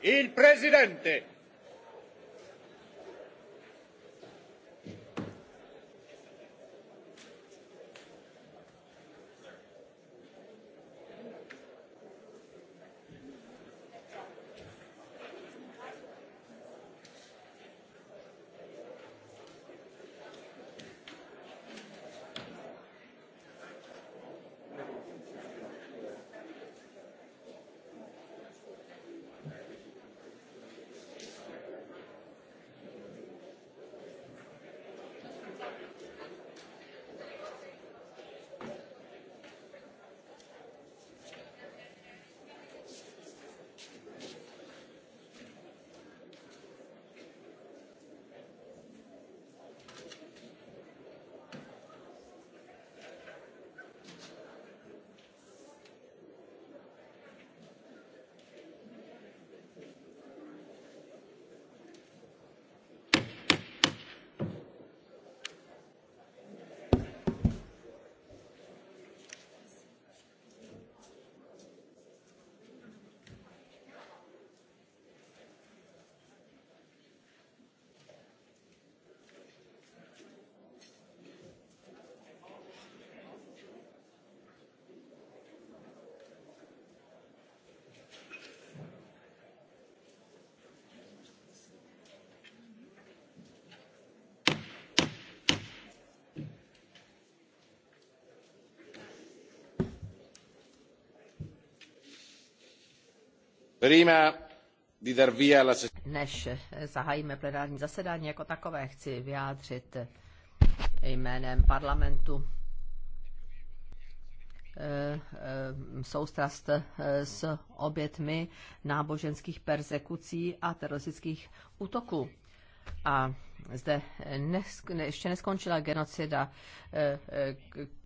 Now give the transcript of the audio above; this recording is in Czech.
Il presidente Než zahájíme plenární zasedání jako takové, chci vyjádřit jménem parlamentu eh, eh, soustrast eh, s obětmi náboženských persekucí a teroristických útoků. A zde ještě neskončila genocida,